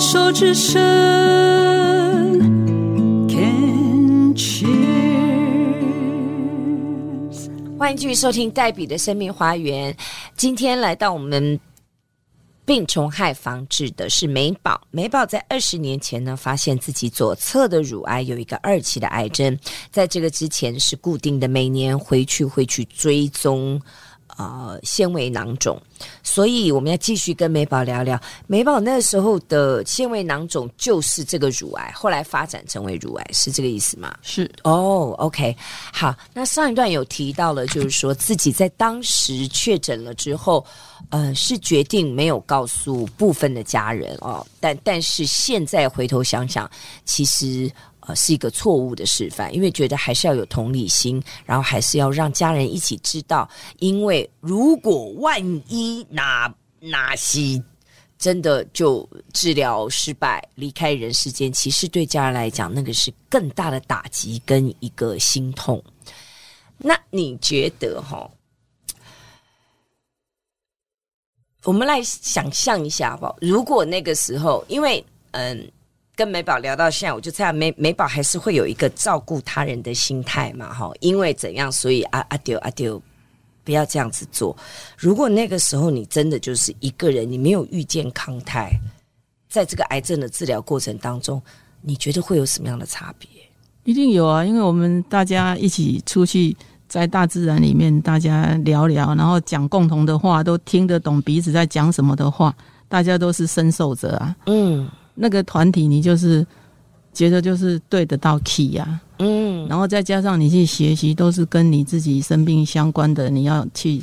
手之，can cheers 歡迎繼續收聽黛比的生命花園。今天來到我們病蟲害防治的是美寶。美寶在二十年前呢，發現自己左側的乳癌有一個二期的癌症，在這個之前是固定的，每年回去會去追蹤。呃、哦，纖維囊腫，所以我們要繼續跟美寶聊聊。美寶那個時候的纖維囊腫就是這個乳癌，後來發展成為乳癌，是這個意思嗎？是。哦、oh, OK，好。那上一段有提到了，就是說自己在當時確診了之後，呃，是決定沒有告訴部分的家人哦，但但是現在回頭想想，其實。呃、是一個錯誤的示範，因為覺得還是要有同理心，然後還是要讓家人一起知道，因為如果萬一哪哪些真的就治療失敗，離開人世間，其實對家人來講，那個是更大的打擊跟一個心痛。那你覺得哈？我們來想象一下吧，如果那個時候，因為嗯。跟美寶聊到現在，我就這樣。美美寶還是會有一個照顧他人的心態嘛，哈，因為怎樣，所以阿阿丟阿丟不要這樣子做。如果那個時候你真的就是一個人，你沒有遇見康泰，在這個癌症的治療過程當中，你覺得會有什麼樣的差別？一定有啊，因為我們大家一起出去在大自然裡面，大家聊聊，然後講共同的話，都聽得懂彼此在講什麼的話，大家都是深受者啊，嗯。那個團體，你就是覺得就是對得到 key 呀、啊，嗯，然後再加上你去學習，都是跟你自己生病相關的，你要去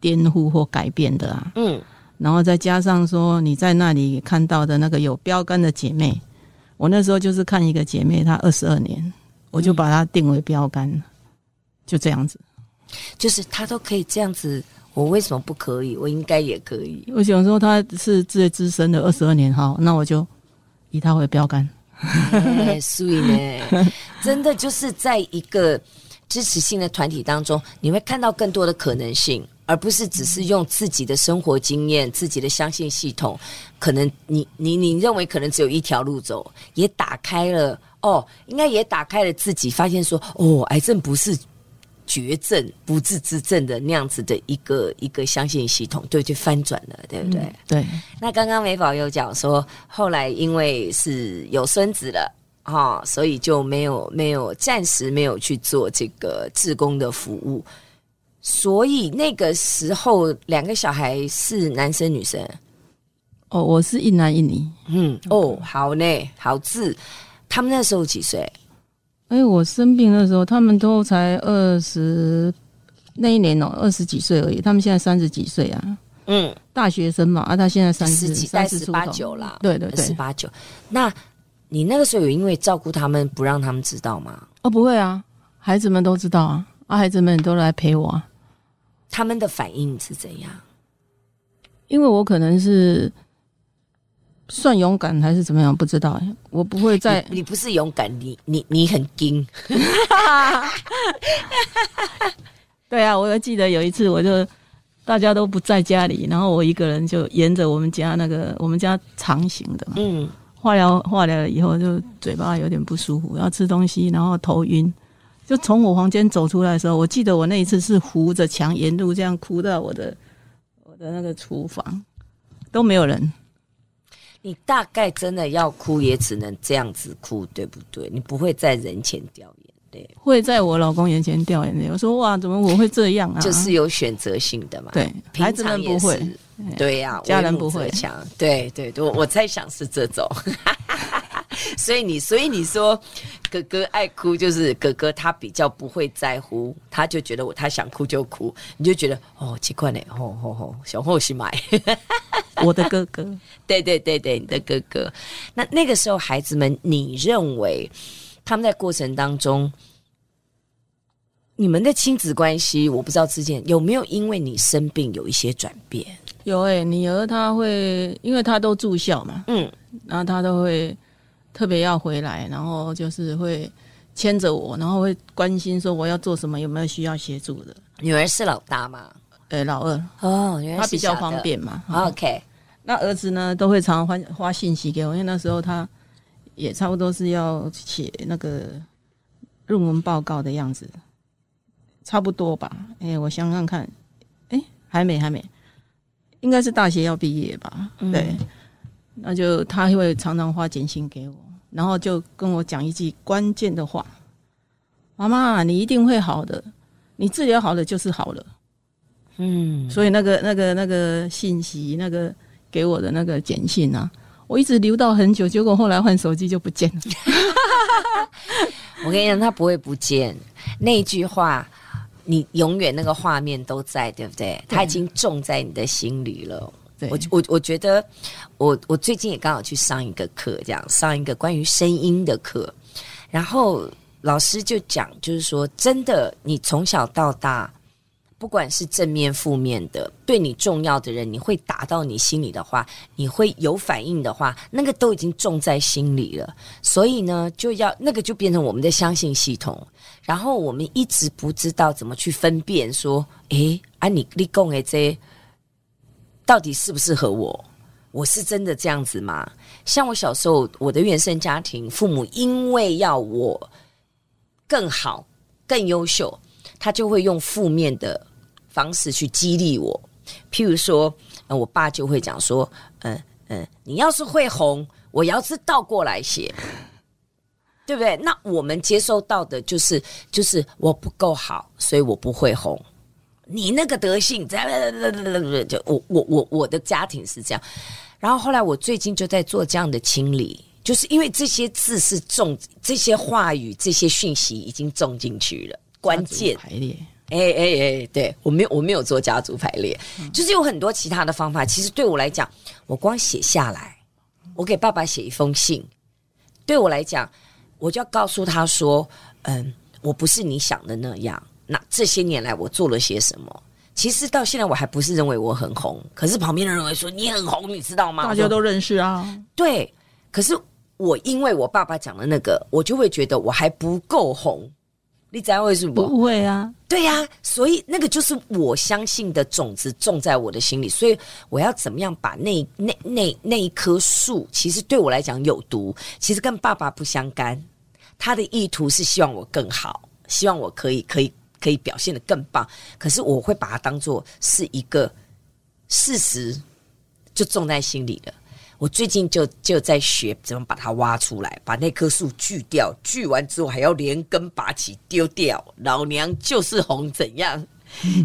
顛覆或改變的啊，嗯，然後再加上說你在那裡看到的那個有標杆的姐妹。我那時候就是看一個姐妹，她二十二年，我就把她定為標杆，嗯，就這樣子，就是她都可以這樣子，我為什麼不可以？我應該也可以。我想說她是最資深的二十二年哈，那我就。以他為標杆，所以呢，真的就是在一個支持性的團體當中，你會看到更多的可能性，而不是只是用自己的生活經驗、自己的相信系統，可能你你你認為可能只有一條路走，也打開了哦，應該也打開了自己，發現說哦，癌症不是。絕症、不治之症的那樣子的一個一個相信系統，就就翻轉了，對不對？嗯、對。那剛剛美寶又講說，後來因為是有孫子了哦，所以就沒有沒有暫時沒有去做這個志工的服務，所以那個時候兩個小孩是男生女生？哦，我是一男一女。嗯。哦，好嘞，好字。他們那時候幾歲？哎、欸，我生病的時候，他們都才二十，那一年哦、喔，二十幾歲而已。他們現在三十幾歲啊，嗯，大學生嘛，啊，他現在三十幾，三十八九了，對對對，十八九。那你那個時候有因為照顧他們，不讓他們知道嗎？哦，不會啊，孩子們都知道啊，啊，孩子們都來陪我啊。他們的反應是怎樣？因為我可能是。算勇敢還是怎麼樣？不知道，我不會再。你你不是勇敢，你你你很驚。 對啊，我又記得有一次，我就大家都不在家裡，然後我一個人就沿着我們家那個我們家長形的，嗯，化療化療了以後就嘴巴有點不舒服，要吃東西，然後頭暈，就從我房間走出來的時候，我記得我那一次是扶着牆沿路這樣哭到我的我的那個廚房，都沒有人。你大概真的要哭，也只能這樣子哭，對不對？你不會在人前掉眼淚，會在我老公眼前掉眼淚。我說，哇，怎麼我會這樣啊？ 就是有選擇性的嘛。對，孩子們不會。對呀、啊，家人不會講。對對對，我在想是這種。 所以你，所以你說，哥哥愛哭，就是哥哥他比較不會在乎，他就覺得我，他想哭就哭，你就覺得哦，奇怪呢，吼吼吼，小後是買，哦哦、 我的哥哥，對對對對，你的哥哥。那那個時候，孩子們，你認為他們在過程當中，你們的親子關係，我不知道之間有沒有因為你生病有一些轉變？有誒、欸，你兒他會，因為他都住校嘛，嗯，然後他都會。特別要回來，然後就是會牽着我，然後會關心說我要做什麼，有沒有需要協助的。女兒是老大嗎？欸、老二哦，原來是他比較方便嘛。哦、OK，嗯、那兒子呢，都會常常發發信息給我，因為那時候他也差不多是要寫那個論文報告的樣子，差不多吧？哎、欸，我想想看，哎、欸，還沒還沒，應該是大學要畢業吧？對。嗯那就他會常常發簡訊給我，然後就跟我講一句關鍵的話：“媽媽，你一定會好的，你治療好了就是好了。”嗯，所以那個、那個、那個信息，那個給我的那個簡訊啊，我一直留到很久，結果後來換手機就不見了。 我跟你講，他不會不見，那句話你永遠那個畫面都在，對不對？對，他已經種在你的心裡了。我我我覺得，我我最近也剛好去上一個課，這樣上一個關於聲音的課，然後老師就講，就是說，真的，你從小到大，不管是正面負面的，對你重要的人，你會打到你心裡的話，你會有反應的話，那個都已經種在心裡了，所以呢，就要那個就變成我們的相信系統，然後我們一直不知道怎麼去分辨，說，哎、欸，啊你，你你講的這個。到底適不適合我？我是真的這樣子嗎？像我小時候，我的原生家庭父母，因為要我更好、更優秀，他就會用負面的方式去激勵我。譬如說，我爸就會講說：“嗯嗯，你要是會紅，我要是倒過來寫， 對不對？”那我們接收到的就是，就是我不夠好，所以我不會紅。你那個德性，嘖嘖嘖嘖，就我我我我的家庭是這樣。然後後來我最近就在做這樣的清理，就是因為這些字是種這些話語、這些訊息已經種進去了。關鍵。家族排列，哎哎哎，對我沒有我沒有做家族排列。嗯，就是有很多其他的方法。其實對我來講，我光寫下來，我給爸爸寫一封信，對我來講，我就要告訴他說，嗯，我不是你想的那樣。那這些年來我做了些什麼？其實到現在我還不是認為我很紅，可是旁邊的人會說你很紅，你知道嗎？大家都認識啊。對，可是我因為我爸爸講的那個，我就會覺得我還不夠紅。你知道為什麼？不會啊，對呀，啊。所以那個就是我相信的種子種在我的心裡，所以我要怎麼樣把那那那那一棵樹，其實對我來講有毒，其實跟爸爸不相干。他的意圖是希望我更好，希望我可以可以。可以表現得更棒，可是我會把它當做是一個事實，就種在心裡了。我最近就就在學怎麼把它挖出來，把那棵樹鋸掉，鋸完之後還要連根拔起丟掉。老娘就是紅，怎樣？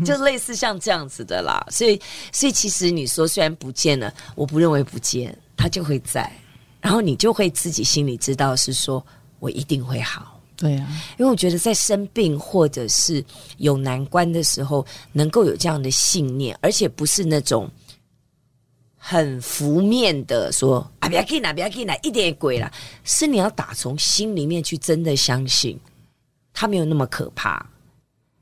就類似像這樣子的啦。 所以，所以其實你說雖然不見了，我不認為不見，它就會在，然後你就會自己心裡知道是說我一定會好。對呀、啊，因為我覺得在生病或者是有難關的時候，能夠有這樣的信念，而且不是那種很負面的說“啊沒關係啦，沒關係啦”，一定會過啦。是你要打從心裡面去真的相信，它沒有那麼可怕，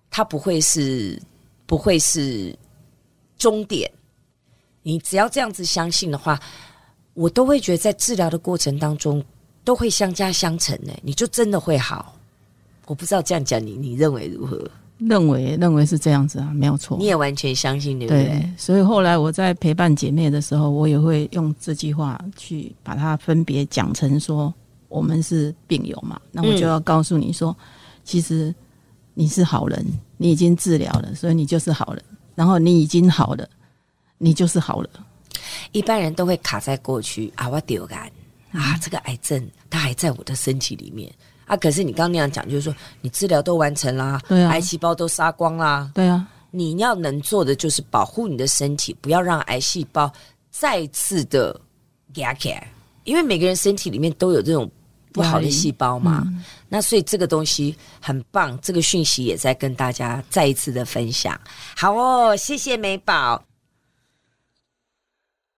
它不會是，不會是終點。你只要這樣子相信的話，我都會覺得在治療的過程當中，都會相加相乘呢，你就真的會好。我不知道這樣講你，你認為如何？認為認為是這樣子啊，沒有錯。你也完全相信對不對,對？所以後來我在陪伴姐妹的時候，我也會用這句話去把它分別講成說：我們是病友嘛、嗯，那我就要告訴你說，其實你是好人，你已經治療了，所以你就是好人。然後你已經好了，你就是好了。一般人都會卡在過去啊，我丟干。啊，這個癌症它還在我的身體裡面啊！可是你剛剛那樣講，就是說你治療都完成啦、對啊，癌細胞都殺光啦。對啊，你要能做的就是保護你的身體，不要讓癌細胞再次的給它開，因為每個人身體裡面都有這種不好的細胞嘛、嗯。那所以這個東西很棒，這個訊息也在跟大家再一次的分享。好哦，謝謝美寶。